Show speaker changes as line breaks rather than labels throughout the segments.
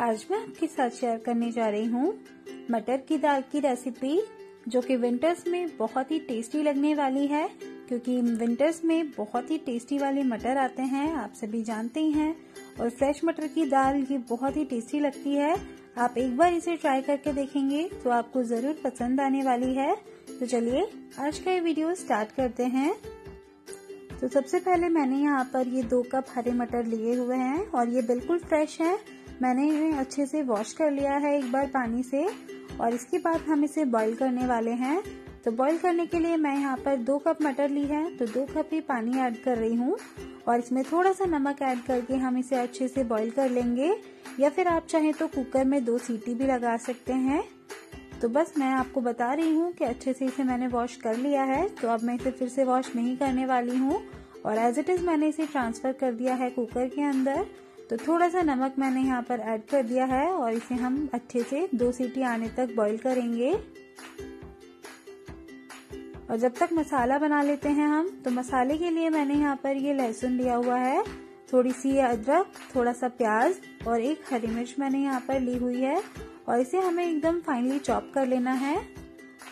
आज मैं आपके साथ शेयर करने जा रही हूँ मटर की दाल की रेसिपी जो कि विंटर्स में बहुत ही टेस्टी लगने वाली है क्योंकि विंटर्स में बहुत ही टेस्टी वाले मटर आते हैं आप सभी जानते ही हैं और फ्रेश मटर की दाल ये बहुत ही टेस्टी लगती है आप एक बार इसे ट्राई करके देखेंगे तो आपको जरूर पसंद आने वाली है तो चलिए आज का ये वीडियो स्टार्ट करते हैं तो सबसे पहले मैंने यहाँ पर ये दो कप हरे मटर लिए हुए हैं और ये बिल्कुल फ्रेश हैं मैंने इन्हें अच्छे से वॉश कर लिया है एक बार पानी से और इसके बाद हम इसे बॉईल करने वाले हैं तो बॉईल करने के लिए मैं यहाँ पर दो कप मटर ली है तो दो कप ही पानी ऐड कर रही हूँ और इसमें थोड़ा सा नमक ऐड करके हम इसे अच्छे से बॉईल कर लेंगे या फिर आप चाहें तो कुकर में दो सीटी भी लगा सकते हैं तो बस मैं आपको बता रही हूँ कि अच्छे से इसे मैंने वॉश कर लिया है तो अब मैं इसे फिर से वॉश नहीं करने वाली हूँ और एज इट इज़ मैंने इसे ट्रांसफ़र कर दिया है कुकर के अंदर तो थोड़ा सा नमक मैंने यहाँ पर ऐड कर दिया है और इसे हम अच्छे से दो सीटी आने तक बॉईल करेंगे और जब तक मसाला बना लेते हैं हम तो मसाले के लिए मैंने यहाँ पर ये लहसुन लिया हुआ है थोड़ी सी अदरक थोड़ा सा प्याज और एक हरी मिर्च मैंने यहाँ पर ली हुई है और इसे हमें एकदम फाइनली चॉप कर लेना है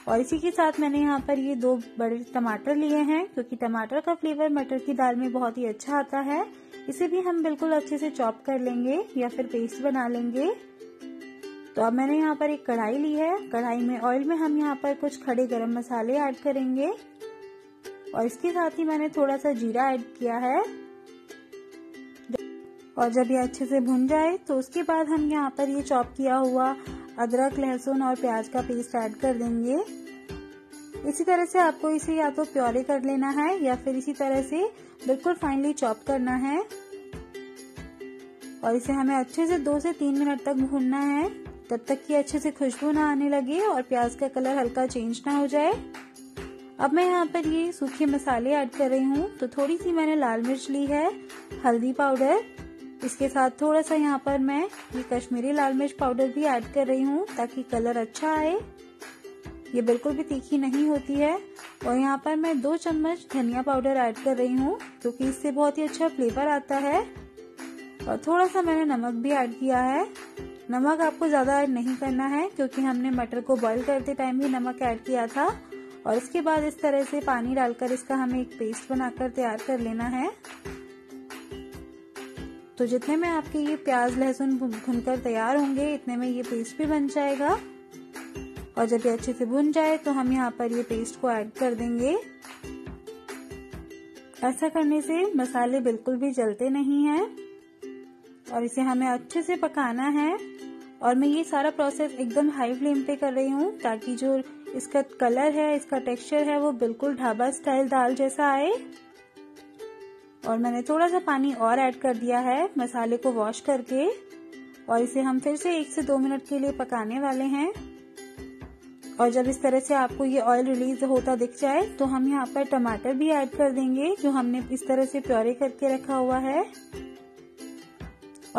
और इसी के साथ मैंने यहाँ पर ये दो बड़े टमाटर लिए हैं क्योंकि टमाटर का फ्लेवर मटर की दाल में बहुत ही अच्छा आता है इसे भी हम बिल्कुल अच्छे से चॉप कर लेंगे या फिर पेस्ट बना लेंगे तो अब मैंने यहाँ पर एक कढ़ाई ली है कढ़ाई में ऑयल में हम यहाँ पर कुछ खड़े गरम मसाले ऐड करेंगे और इसके साथ ही मैंने थोड़ा सा जीरा ऐड किया है और जब ये अच्छे से भुन जाए तो उसके बाद हम यहाँ पर ये चॉप किया हुआ अदरक लहसुन और प्याज का पेस्ट ऐड कर देंगे इसी तरह से आपको इसे या तो प्योरे कर लेना है या फिर इसी तरह से बिल्कुल फाइनली चॉप करना है और इसे हमें अच्छे से दो से तीन मिनट तक भूनना है तब तक कि अच्छे से खुशबू ना आने लगे और प्याज का कलर हल्का चेंज ना हो जाए अब मैं यहाँ पर ये सूखे मसाले ऐड कर रही हूँ तो थोड़ी सी मैंने लाल मिर्च ली है हल्दी पाउडर इसके साथ थोड़ा सा यहाँ पर मैं ये कश्मीरी लाल मिर्च पाउडर भी ऐड कर रही हूँ ताकि कलर अच्छा आए ये बिल्कुल भी तीखी नहीं होती है और यहाँ पर मैं दो चम्मच धनिया पाउडर ऐड कर रही हूँ क्योंकि तो इससे बहुत ही अच्छा फ्लेवर आता है और थोड़ा सा मैंने नमक भी ऐड किया है नमक आपको ज़्यादा ऐड नहीं करना है क्योंकि हमने मटर को बॉईल करते टाइम ही नमक ऐड किया था और इसके बाद इस तरह से पानी डालकर इसका हमें एक पेस्ट बनाकर तैयार कर लेना है तो जितने में आपके ये प्याज लहसुन भुनकर तैयार होंगे इतने में ये पेस्ट भी बन जाएगा और जब ये अच्छे से भुन जाए तो हम यहाँ पर ये पेस्ट को ऐड कर देंगे ऐसा करने से मसाले बिल्कुल भी जलते नहीं हैं और इसे हमें अच्छे से पकाना है और मैं ये सारा प्रोसेस एकदम हाई फ्लेम पे कर रही हूँ ताकि जो इसका कलर है इसका टेक्सचर है वो बिल्कुल ढाबा स्टाइल दाल जैसा आए और मैंने थोड़ा सा पानी और ऐड कर दिया है मसाले को वॉश करके और इसे हम फिर से एक से दो मिनट के लिए पकाने वाले हैं और जब इस तरह से आपको ये ऑयल रिलीज होता दिख जाए तो हम यहाँ पर टमाटर भी ऐड कर देंगे जो हमने इस तरह से प्योरे करके रखा हुआ है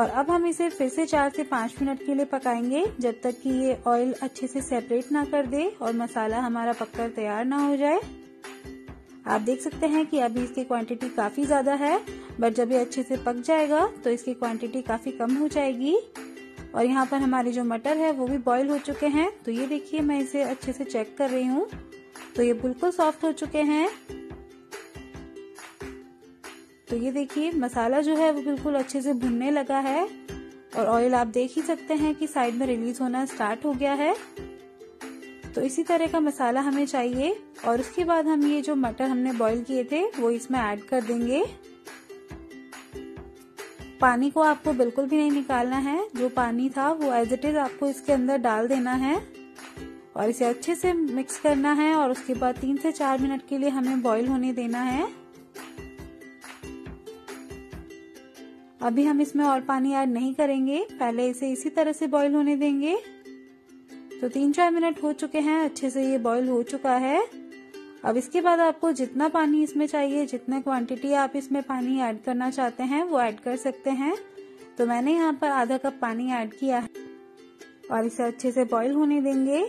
और अब हम इसे फिर से चार से पाँच मिनट के लिए पकाएंगे जब तक कि ये ऑयल अच्छे से सेपरेट ना कर दे और मसाला हमारा पककर तैयार ना हो जाए आप देख सकते हैं कि अभी इसकी क्वांटिटी काफ़ी ज़्यादा है बट जब ये अच्छे से पक जाएगा तो इसकी क्वांटिटी काफ़ी कम हो जाएगी और यहाँ पर हमारे जो मटर है वो भी बॉईल हो चुके हैं तो ये देखिए मैं इसे अच्छे से चेक कर रही हूँ तो ये बिल्कुल सॉफ्ट हो चुके हैं तो ये देखिए मसाला जो है वो बिल्कुल अच्छे से भुनने लगा है और ऑयल आप देख ही सकते हैं कि साइड में रिलीज होना स्टार्ट हो गया है तो इसी तरह का मसाला हमें चाहिए और उसके बाद हम ये जो मटर हमने बॉईल किए थे वो इसमें ऐड कर देंगे पानी को आपको बिल्कुल भी नहीं निकालना है जो पानी था वो एज इट इज आपको इसके अंदर डाल देना है और इसे अच्छे से मिक्स करना है और उसके बाद तीन से चार मिनट के लिए हमें बॉईल होने देना है अभी हम इसमें और पानी ऐड नहीं करेंगे पहले इसे इसी तरह से बॉईल होने देंगे तो तीन चार मिनट हो चुके हैं अच्छे से ये बॉईल हो चुका है अब इसके बाद आपको जितना पानी इसमें चाहिए जितने क्वांटिटी आप इसमें पानी ऐड करना चाहते हैं वो ऐड कर सकते हैं तो मैंने यहाँ पर आधा कप पानी ऐड किया है और इसे अच्छे से बॉईल होने देंगे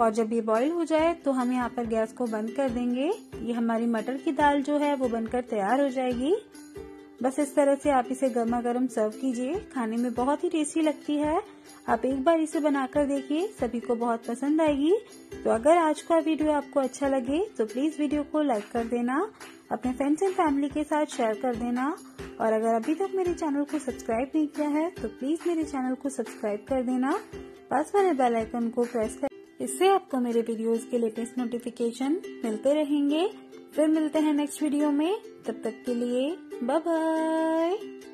और जब ये बॉईल हो जाए तो हम यहाँ पर गैस को बंद कर देंगे ये हमारी मटर की दाल जो है वो बनकर तैयार हो जाएगी बस इस तरह से आप इसे गर्मा गर्म सर्व कीजिए खाने में बहुत ही टेस्टी लगती है आप एक बार इसे बनाकर देखिए सभी को बहुत पसंद आएगी तो अगर आज का वीडियो आपको अच्छा लगे तो प्लीज वीडियो को लाइक कर देना अपने फ्रेंड्स एंड फैमिली के साथ शेयर कर देना और अगर अभी तक मेरे चैनल को सब्सक्राइब नहीं किया है तो प्लीज मेरे चैनल को सब्सक्राइब कर देना पास वाले बेल आइकन को प्रेस कर इससे आपको तो मेरे वीडियोस के लेटेस्ट नोटिफिकेशन मिलते रहेंगे फिर मिलते हैं नेक्स्ट वीडियो में तब तक के लिए बाय बाय